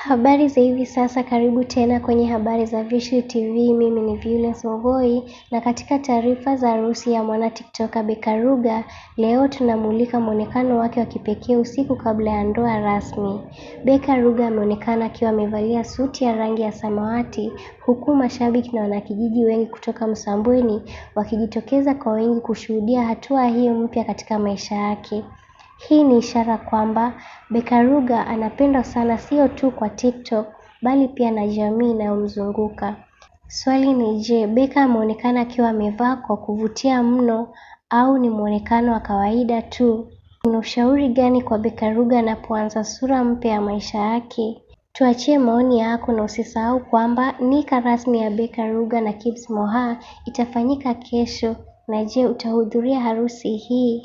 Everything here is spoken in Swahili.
Habari za hivi sasa, karibu tena kwenye habari za Veushly TV. Mimi ni Violence Mogoi, na katika taarifa za harusi ya mwana tiktoka Beka Ruga, leo tunamulika mwonekano wake wa kipekee usiku kabla ya ndoa rasmi. Beka Ruga ameonekana akiwa amevalia suti ya rangi ya samawati, huku mashabiki na wanakijiji wengi kutoka Msambweni wakijitokeza kwa wingi kushuhudia hatua hiyo mpya katika maisha yake. Hii ni ishara kwamba beka ruga anapendwa sana sio tu kwa TikTok bali pia na jamii inayomzunguka. Swali ni je, Beka ameonekana akiwa amevaa kwa kuvutia mno au ni muonekano wa kawaida tu? kuna ushauri gani kwa beka ruga anapoanza sura mpya ya maisha yake? Tuachie maoni yako na usisahau kwamba nika rasmi ya Bekaruga na Kibz Moha itafanyika kesho na je utahudhuria harusi hii?